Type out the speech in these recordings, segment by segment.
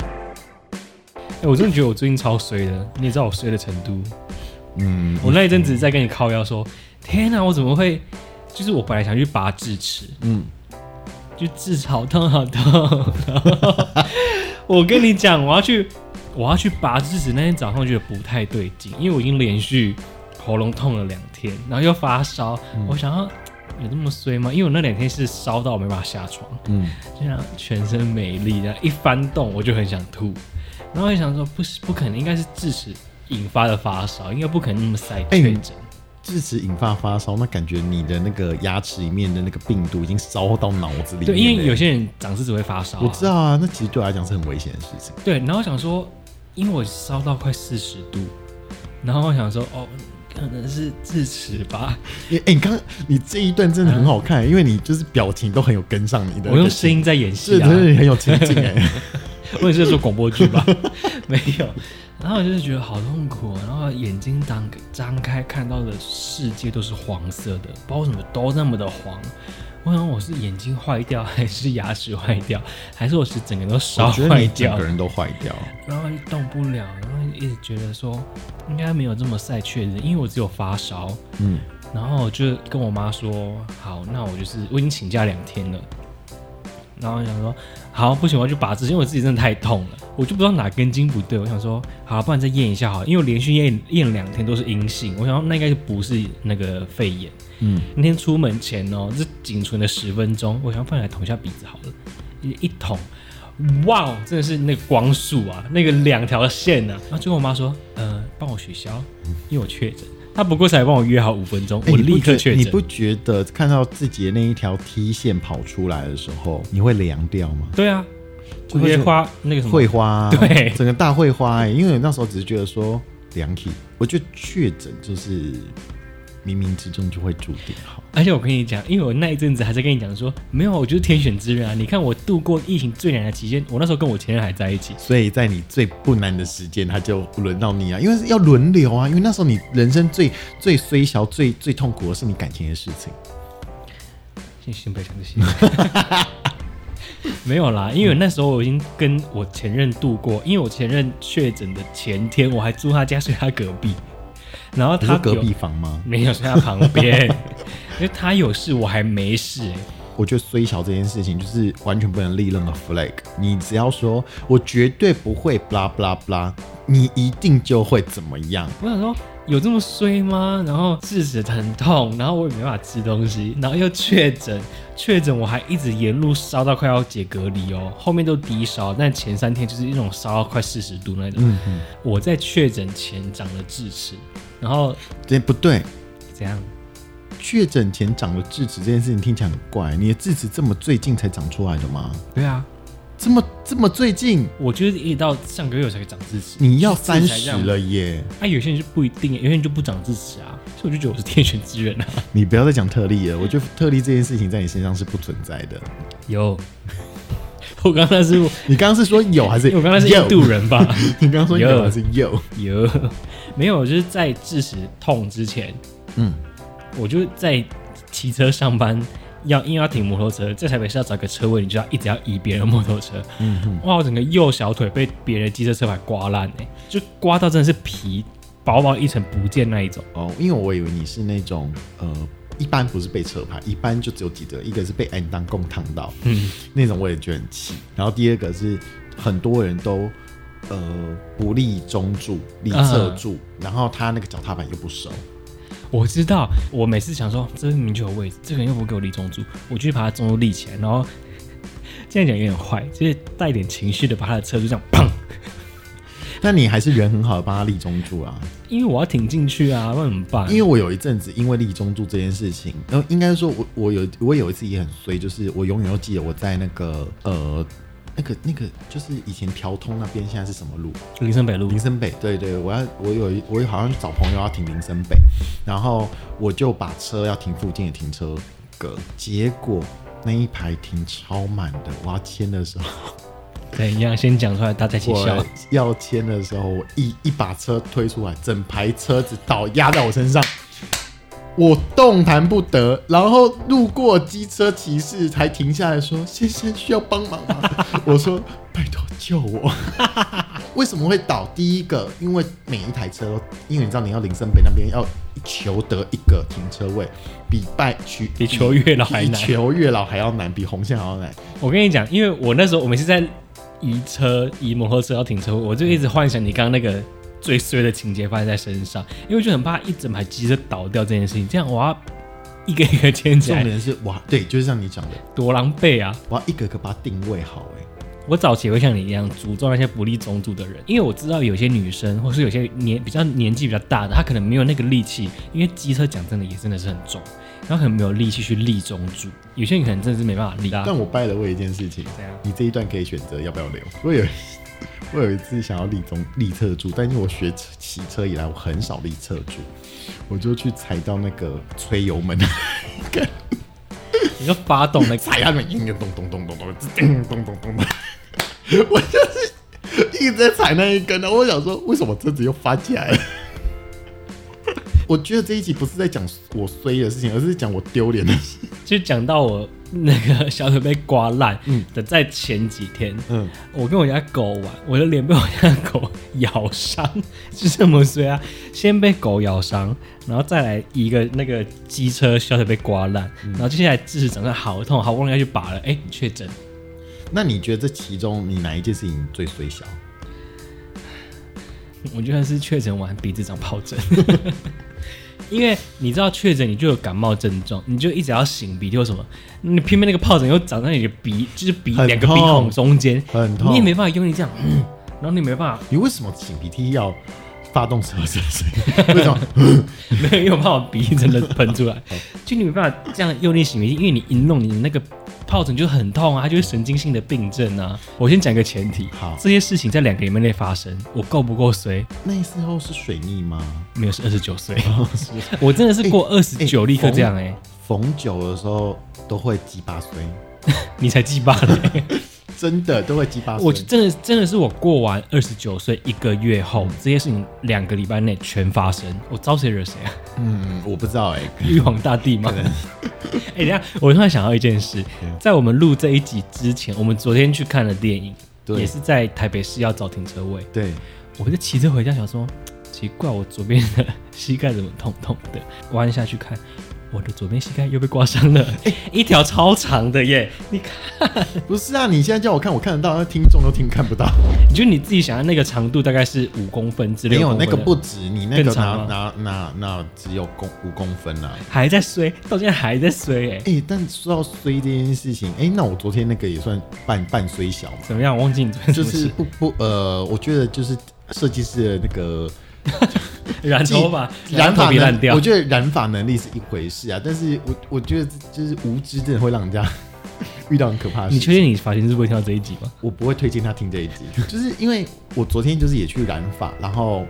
哎、欸，我真的覺得我最近超衰的，你也知道我衰的程度。嗯，我那一陣子在跟你靠腰說，天哪，我怎麼會？就是我本來想去拔智齒，嗯，就智齒好痛好痛。 我跟你講，我要去，我要去拔智齒。那天早上覺得不太對勁，因為我已經連續喉嚨痛了兩天，然後又發燒，嗯、我想要。有這麼衰嗎？因為我那兩天是燒到我沒辦法下床，嗯，就這樣全身沒力，然後一翻動我就很想吐，然後我想說不不可能，應該是智齒引發的發燒，應該不可能那麼塞，欸，智齒引發發燒，那感覺你的那個牙齒裡面的那個病毒已經燒到腦子裡面了。對，因為有些人長智齒會發燒，啊。我知道啊，那其實對我來講是很危險的事情。對，然後我想說，因為我燒到快四十度，然後我想說哦。可能是智齒吧。欸欸、你你剛你這一段真的很好看，嗯、因為你就是表情都很有跟上你的。我用聲音在演戲啊。是，就是很有沉浸感。我也 是，是說廣播劇吧？ 沒有。然後我就是覺得好痛苦，啊，然後眼睛張張開，看到的世界都是黃色的，不知道為什麼都那麼的黃。我想我是眼睛壞掉，還是牙齒壞掉，還是我是整個都燒壞掉？整個人都壞掉，然後動不了，然後一直覺得說，應該沒有這麼衰確診，因為我只有發燒，嗯，然後就跟我媽說，好，那我就是我已經請假兩天了。然後我想說，好，不行，我要去拔痣，因為我自己真的太痛了，我就不知道哪根筋不對。我想說，好，不然再驗一下好了，因為我連續驗驗兩天都是陰性，我想說那應該不是那個肺炎。嗯，那天出門前哦，這僅存的十分鐘，我想，放下來捅一下鼻子好了，一捅，哇，真的是那個光束啊，那個兩條線啊。然後最後我媽說，呃，幫我取消，因為我確診。他不過才幫我約好五分鐘，欸，我立刻確診。你不覺得看到自己的那一條 T 線跑出來的時候，你會涼掉嗎？對啊，就會會花那個什麼，會花對，整個大會花哎，因為那時候只是覺得說涼氣，我就確診就是。冥冥之中，就會注定好，而且我跟你講，因為我那一陣子還在跟你講說，沒有我就是天選之人啊！嗯、你看我度過疫情最難的期間，我那時候跟我前任還在一起，所以在你最不難的時間，他就輪到你啊！因為要輪流啊！因為那時候你人生最最衰小、最最痛苦的是你感情的事情。謝謝，非常謝謝。沒有啦，因為那時候我已經跟我前任度過，嗯、因為我前任確診的前天，我還住他家，睡他隔壁。然後他隔壁房嗎？沒有，在他旁邊。 因為他有事，我還沒事。我覺得衰小這件事情就是完全不能立任何 flag。嗯、你只要說我絕對不會 blah blah blah 你一定就會怎麼樣。我想說，有這麼衰嗎？然後智齒疼痛，然後我也沒法吃東西，然後又確診，確診我還一直沿路燒到快要解隔離哦。後面都低燒，但前三天就是一種燒到快四十度那種。嗯、哼我在確診前長了智齒。然後這、欸、不對，怎樣？確診前長了智齒這件事情聽起來很怪。你的智齒這麼最近才長出來的嗎？對啊，這麼這麼最近，我覺得一直到上個月才長智齒。你要三十了耶！啊，有些人就不一定，有些人就不長智齒啊。所以我就覺得我是天選之人啊。你不要再講特例了，我覺得特例這件事情在你身上是不存在的。有 Yo， 我剛才是 你剛剛是說有還是我剛才是印度人吧？ 你剛剛說有還 Yo. 是有有？沒有，就是在致死痛之前，嗯，我就在騎車上班，要因為要停摩托車，在台北市要找個車位，你就要一直要移別人的摩托車，嗯，嗯嗯哇，我整個右小腿被別人的機車車牌刮爛、欸、就刮到真的是皮薄薄一層不見那一種哦，因為我以為你是那種呃，一般不是被車牌，一般就只有幾則，一個是被安當共燙到，嗯，那種我也覺得很氣，然後第二個是很多人都。呃，不立中柱，立側柱，嗯、然後他那個腳踏板又不收。我知道，我每次想說，這邊明明就有位置，這人、個、又不給我立中柱，我就把他中柱立起來，然後這樣講有點壞，就是帶點情緒的把他的車就這樣砰。那 你還是人很好的幫他立中柱啊，因為我要挺進去啊，那怎麼辦？因為我有一陣子因為立中柱這件事情，然後應該說我，我有我有我有一次也很衰，就是我永遠都記得我在那個呃。那個那個就是以前條通那邊，現在是什麼路？林森北路。林森北。對對,對，我要我有一，我好像去找朋友要停林森北，然後我就把車要停附近的停車格，結果那一排停超滿的，我要簽的時候，等一下先講出來，大家一起笑。我要簽的時候，我一一把車推出來，整排車子倒壓在我身上。我動彈不得，然後路過機車騎士才停下來說：“先生需要幫忙嗎？” 我說：“拜託救我！” 為什麼會倒第一個？因為每一台車，因為你知道你要林森北那邊要求得一個停車位，比拜取比求月老還難，求月老還要難，比紅線還要難。我跟你講，因為我那時候我們是在移車移摩托車要停車位，我就一直幻想你剛那個。最衰的情節發生在身上，因為就很怕一整排機車倒掉這件事情。這樣我要一個一個牽扯，重點是哇，對，就是像你講的，多狼狽啊！我要一個個把它定位好。哎，我早期也會像你一樣，詛咒那些不立中柱的人，因為我知道有些女生或是有些年比較年紀比較大的，她可能沒有那個力氣，因為機車講真的也真的是很重，她可能沒有力氣去立中柱。有些人可能真的是沒辦法立、啊、但我拜了為一件事情，啊、你這一段可以選擇要不要留。 我有一次想要立中立側柱，但是我學騎車以來，我很少立側柱，我就去踩到那個吹油門一個，一個發動那踩下面，一根，咚咚咚咚咚咚咚咚咚，我就是一直在踩那一根，我想說為什麼車子又發起來了。我覺得這一集不是在講我衰的事情，而是講我丟臉的事情。就講到我那個小腿被刮爛的，在前幾天，嗯，我跟我家狗玩，我的臉被我家狗咬傷，是這麼衰啊？先被狗咬傷，然後再來一個那個機車小腿被刮爛，嗯、然後接下來智齒整個好痛，好不容易要去拔了，哎、欸，確診。那你覺得這其中你哪一件事情最衰小？我覺得是確診完鼻子長疱疹。 因為你知道確診，你就有感冒症狀，你就一直要擤鼻涕或什麼。你偏偏那個皰疹又長在你的鼻，就是鼻兩個鼻孔中間很，很痛。你也沒辦法用力這樣，嗯，然後你沒辦法。你為什麼擤鼻涕要發動車子？為什麼沒有法， 我怕我鼻真的噴出來？ 就你沒辦法這樣用力擤鼻涕，因為你一弄你那個。皰疹就很痛啊，它就是神經性的病症啊。我先講個前提，好，這些事情在兩個月內發生，我夠不夠衰？那時候是水逆嗎？沒有，是二十九歲。 我真的是過二十九立刻這樣哎、欸，逢九的時候都會雞八衰， 你才雞八、欸。嘞。 真的都會激發我，真的真的是我過完二十九歲一個月後，這些事情兩個禮拜內全發生，我招誰惹誰啊？嗯，我不知道哎、欸，玉皇大帝嗎？哎可能、欸，等下，我突然想到一件事，Okay. 在我們錄這一集之前，我們昨天去看了電影，對也是在台北市要找停車位，對，我就騎車回家，想說奇怪，我左邊的膝蓋怎麼痛痛的？彎下去看。我的左邊膝蓋又被刮傷了、欸，一條超長的耶！你看，不是啊，你現在叫我看，我看得到，那聽眾都聽看不到。 你覺得你自己想要那個長度大概是五公分之類？沒有，那個不止你，你那個長那那那只有公五公分了、啊、還在衰，到現在還在衰哎！哎，但說到衰這件事情，哎、欸，那我昨天那個也算半半衰小嘛？怎麼樣，我忘記。就是不不呃，我覺得就是設計師的那個。 染頭髮髮，染髮能染頭掉。我覺得染髮能力是一回事啊，但是我我覺得就是無知真的會讓人家 遇到很可怕的事。你確定你髮型師不會聽到這一集嗎？我不會推薦他聽這一集， 就是因為我昨天就是也去染髮，然後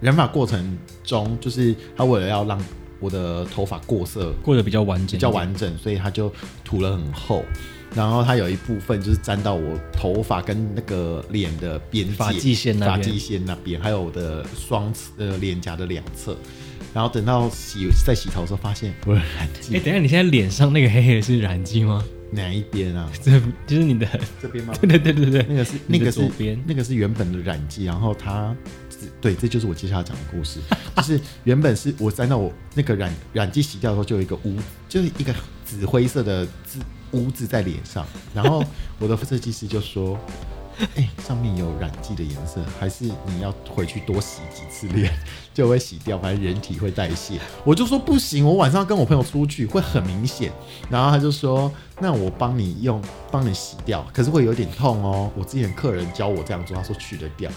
染髮過程中就是他為了要讓我的頭髮過色，過得比較完整，比較完整，所以他就塗了很厚。然後它，有一部分就是粘到我頭髮跟那個臉的邊界，發際線那邊，發際線那邊，還有我的雙呃臉頰的兩側。然後等到洗在洗頭的時候，發現不染劑。哎、欸，等一下，你現在臉上那個黑黑的是染劑嗎？哪一邊啊？這就是你的這邊嗎？對對對對對，那個是那個左邊，那個是原本的染劑。然後它對，這就是我接下來講的故事， 就是原本是我粘到我那個染染劑洗掉的時候，就有一個污，就是一個紫灰色的污漬在臉上，然後我的設計師就說：“欸，上面有染劑的顏色，還是你要回去多洗幾次臉就會洗掉，反正人體會代謝。”我就說：“不行，我晚上跟我朋友出去會很明顯。”然後他就說：“那我幫你用，幫你洗掉，可是會有點痛哦。”我之前客人教我這樣做，他說去得掉。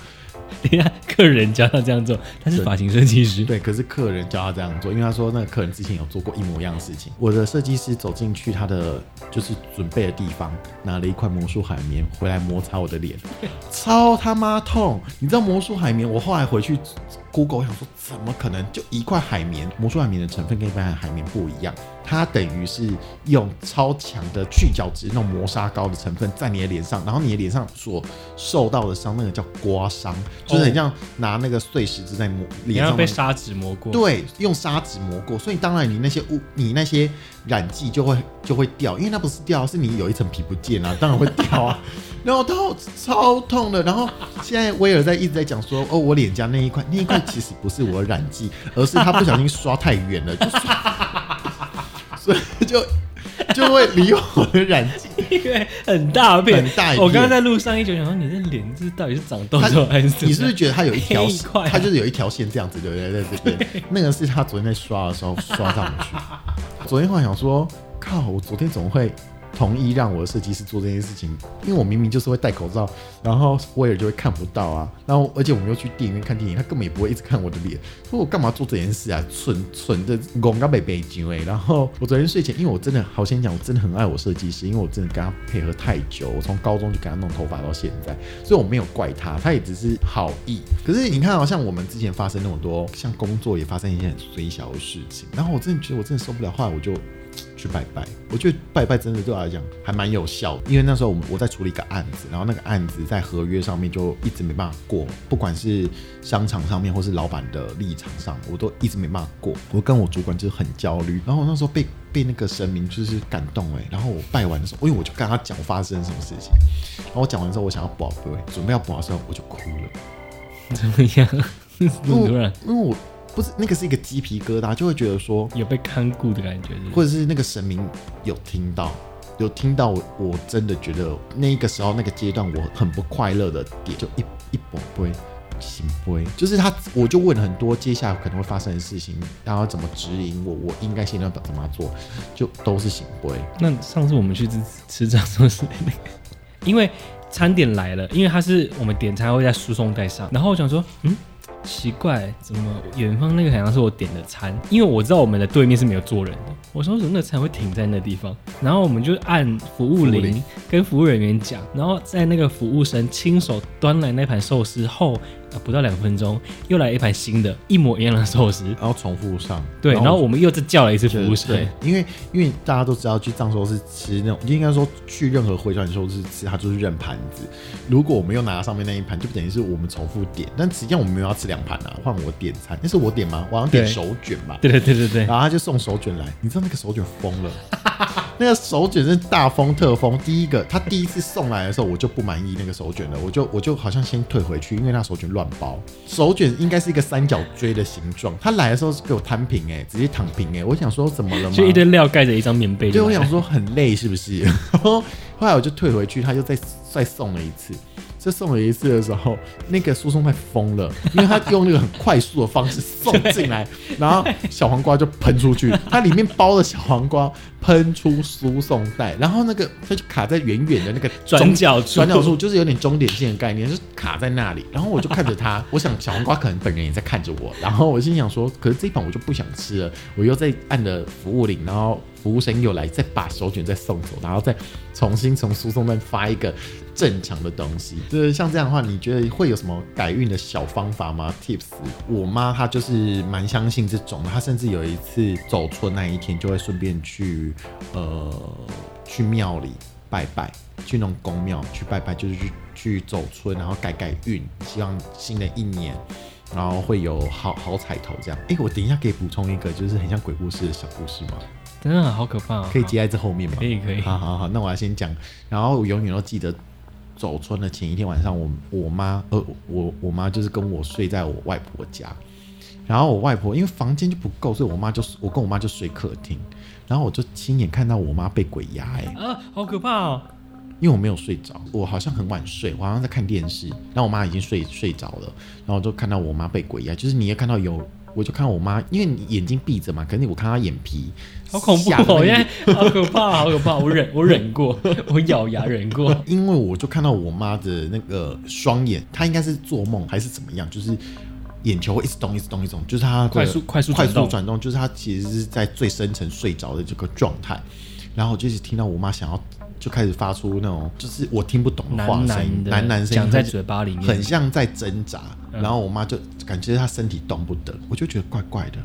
等一下，客人教他這樣做，他是髮型設計師。對，可是客人教他這樣做，因為他說那個客人之前有做過一模一樣的事情。我的設計師走進去他的就是準備的地方，拿了一塊魔術海綿回來摩擦我的臉， 超他媽痛！你知道魔術海綿？我後來回去。Google 我想說，怎麼可能就一塊海綿？魔術海綿的成分跟一般的海綿不一樣，它等於是用超強的去角質那種磨砂膏的成分在你的臉上，然後你的臉上所受到的傷，那個叫刮傷，就是你這樣拿那個碎石子在磨臉、哦、上被砂紙磨過，對，用砂紙磨過，所以當然你那些污，你那些染劑就會就會掉，因為它不是掉、啊，是你有一層皮不見啊，當然會掉啊。 然後超超痛的，然後現在威爾在一直在講說，哦，我臉頰那一塊，那一塊。其實不是我的染劑，而是他不小心刷太遠了， 就刷，所以就，就會離我的染劑 因為很大片，很大一片。我剛剛在路上一直想說，你的臉這臉到底是長痘痘還是……你是不是覺得它有一條線？它、啊、就是有一條線這樣子，對不對？對對對，那個是他昨天在刷的時候刷上去。昨天後來想說，靠，我昨天怎麼會？同意讓我的設計師做這件事情，因為我明明就是會戴口罩，然後 Will 就會看不到啊。然後而且我們又去電影院看電影，他根本也不會一直看我的臉，說我幹嘛做這件事啊？蠢蠢的，拱到北北，京哎。然後我昨天睡前，因為我真的好想講，我真的很愛我設計師，因為我真的跟他配合太久，我從高中就給他弄頭髮到現在，所以我沒有怪他，他也只是好意。可是你看啊，像我們之前發生那麼多，像工作也發生一些很衰小的事情，然後我真的覺得我真的受不了，後來我就。去拜拜，我覺得拜拜真的對我來講還蠻有效的，因為那時候我我在處理一個案子，然後那個案子在合約上面就一直沒辦法過，不管是商場上面或是老闆的立場上，我都一直沒辦法過。我跟我主管就是很焦慮，然後我那時候被被那個神明就是感動誒，然後我拜完的時候，因、哎、為我就跟他講發生什麼事情，然後我講完之後，我想要保對準備要保的時候，我就哭了。怎麼樣？那麼突然？為、嗯、我。不是那個是一個雞皮疙瘩，就會覺得說有被看顧的感覺是不是，或者是那個神明有聽到，有聽到我，我真的覺得那個時候那個階段我很不快樂的點，就一一波規行規，就是他，我就問很多接下來可能會發生的事情，然後怎麼指引我，我應該先要怎麼做，就都是行規。那上次我們去吃這樣東西， 因為餐點來了，因為他是我們點餐會在輸送帶上，然後我想說，嗯。奇怪，怎麼遠方那個好像是我點的餐？因為我知道我們的對面是沒有坐人的。我說什麼那餐會停在那個地方？然後我們就按服務鈴，跟服務人員講。然後在那個服務生親手端來那盤壽司後。不到兩分鐘，又來一盤新的，一模一樣的壽司，嗯，然後重複上。對，然後，然後我們又再叫了一次服務生，因為因為大家都知道去藏壽司吃那種，應該說去任何回轉壽司吃，他就是認盤子。如果我們又拿到上面那一盤，就不等於是我們重複點。但實際上我們沒有要吃兩盤啊，換我點餐，那是我點嗎？我好像點手卷吧。對對對對對。對對然後他就送手卷來，你知道那個手卷瘋了。 那個手卷是大風特風，第一個他第一次送來的時候，我就不滿意那個手卷了，我就我就好像先退回去，因為那手卷亂包，手卷應該是一個三角錐的形狀，他來的時候是給我攤平哎、欸，直接躺平哎、欸，我想說怎麼了嗎？就一堆料蓋着一張棉被，對，我想說很累是不是？ 後來我就退回去，他又再再送了一次。再送了一次的時候，那個輸送帶瘋了，因為他用那個很快速的方式送進來， 對 然後小黃瓜就噴出去。它 裡面包的小黃瓜噴出輸送帶，然後那個他就卡在遠遠的那個轉角處，轉角處就是有點終點線的概念，是卡在那裡。然後我就看着他， 我想小黃瓜可能本人也在看着我。然後我心想說，可是這一盤我就不想吃了，我又在按着服務鈴，然後。服務生又來，再把手卷再送走，然後再重新從書松站發一個正常的東西。就是像這樣的話，你覺得會有什麼改運的小方法嗎？Tips，我媽她就是蠻相信這種，她甚至有一次走春那一天，就會順便去呃去廟裡拜拜，去那種宮廟去拜拜，就是去去走春，然後改改運，希望新的一年，然後會有好好彩頭。這樣，哎、欸，我等一下可以補充一個，就是很像鬼故事的小故事嗎？真的好可怕！啊，可以接在好這後面嗎？可以，可以。好，好，好。那我要先講，然後我永遠都記得走春的前一天晚上，我我媽，呃，我我媽就是跟我睡在我外婆家，然後我外婆因為房間就不夠，所以我媽就我跟我媽就睡客廳，然後我就親眼看到我媽被鬼壓，欸，哎啊，好可怕哦！因為我沒有睡着，我好像很晚睡，我好像在看電視，然後我媽已經睡睡着了，然後就看到我媽被鬼壓，就是你也看到有。我就看我媽，因為你眼睛閉着嘛，可是我看她眼皮，好恐怖喔，因為好可怕，好可怕，我忍，我忍過， 我咬牙忍過。因為我就看到我媽的那個雙眼，她應該是做夢還是怎麼樣，就是眼球會一直動，一直動，一直動，就是她快速、快速、快速轉動，就是她其實是在最深層睡着的這個狀態。然後我就一直聽到我媽想要。就開始發出那種就是我聽不懂的話聲音，喃喃聲講在嘴巴裡面，很像在掙扎。嗯、然後我媽就感覺她身體動不得，我就覺得怪怪的，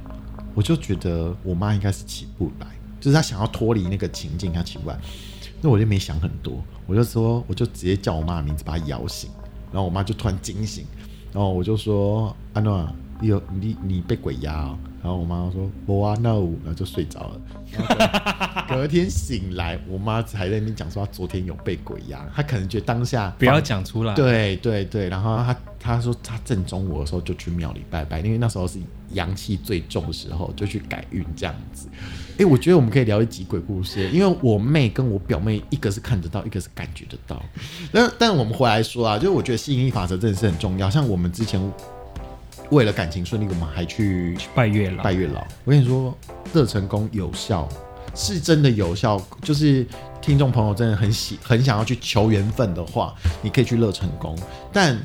我就覺得我媽應該是起不來，就是她想要脫離那個情境，她起不來。那我就沒想很多，我就說我就直接叫我媽的名字把她搖醒，然後我媽就突然驚醒，然後我就說安娜，有、啊啊、你你，你被鬼壓然後我媽說不啊，那五、個， 然後就睡着了。隔天醒來，我媽還在那邊講說她昨天有被鬼壓。她可能覺得當下不要講出來。對對對，然後她她說她正中午的時候就去廟裡拜拜，因為那時候是陽氣最重的時候，就去改運這樣子。哎、欸，我覺得我們可以聊一集鬼故事，因為我妹跟我表妹一個是看得到，一個是感覺得到。那但但我們回來說啊，就是我覺得吸引力法則真的是很重要。像我們之前。為了感情順利，我們還去拜月老。拜月老，我跟你說，樂成宮有效是真的有效。就是聽眾朋友真的很喜很想要去求緣分的話，你可以去樂成宮。但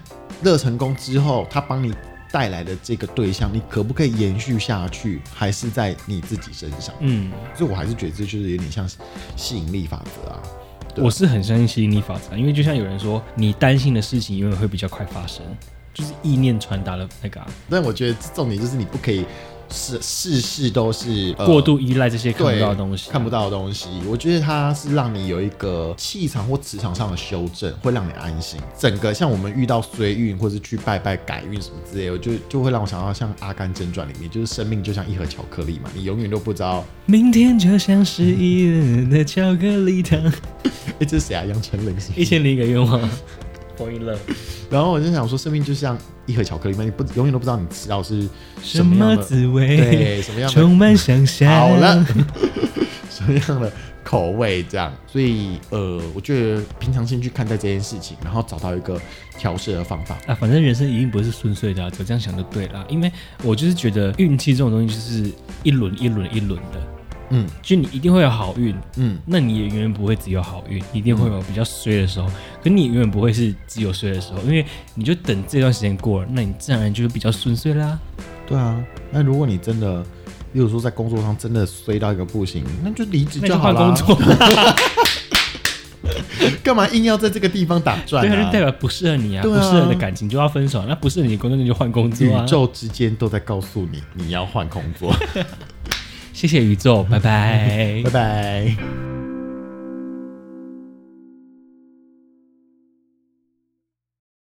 樂成宮之後，他幫你帶來的這個對象，你可不可以延續下去，還是在你自己身上？嗯，所以我還是覺得這就是有點像吸引力法則啊、嗯。我是很相信吸引力法則，因為就像有人說，你擔心的事情，因為會比較快發生。就是意念傳達的那個、啊，但我覺得重點就是你不可以事事事都是、呃、過度依賴這些看不到的東西、啊,看不到的東西。我覺得它是讓你有一個氣場或磁場上的修正,會讓你安心。整個像我們遇到衰運,或是去拜拜改運什麼之類的,就就會讓我想到像《阿甘正傳》裡面,就是生命就像一盒巧克力嘛,你永遠都不知道。明天就像是一人的巧克力糖。誒、 欸,這是誰啊？楊丞琳是？一千零一個願望。虧了，然後我就想說，生命就像一盒巧克力嘛，你不永遠都不知道你吃到是什麼滋味，對，什麼樣充滿想象 好了，什麼樣的口味這樣，所以呃，我覺得平常心去看待這件事情，然後找到一個調適的方法啊，反正人生一定不是順遂的，就這樣想就對了。因為我就是覺得運氣這種東西就是一輪一輪一輪的。嗯，就你一定會有好運，嗯，那你也永遠不會只有好運，你一定會有比較衰的時候。嗯、可你永遠不會是只有衰的時候，因為你就等這段時間過了，那你自然而然就是比較順遂啦、啊。對啊，那如果你真的，例如說在工作上真的衰到一個不行，那就離職就好了。那換工作。幹 嘛硬要在這個地方打轉？對啊，對就代表不適合你啊，啊不適合的感情就要分手。那不適合你的工作那就換工作、啊、宇宙之間都在告訴你，你要換工作。 謝謝宇宙，拜拜， 拜拜。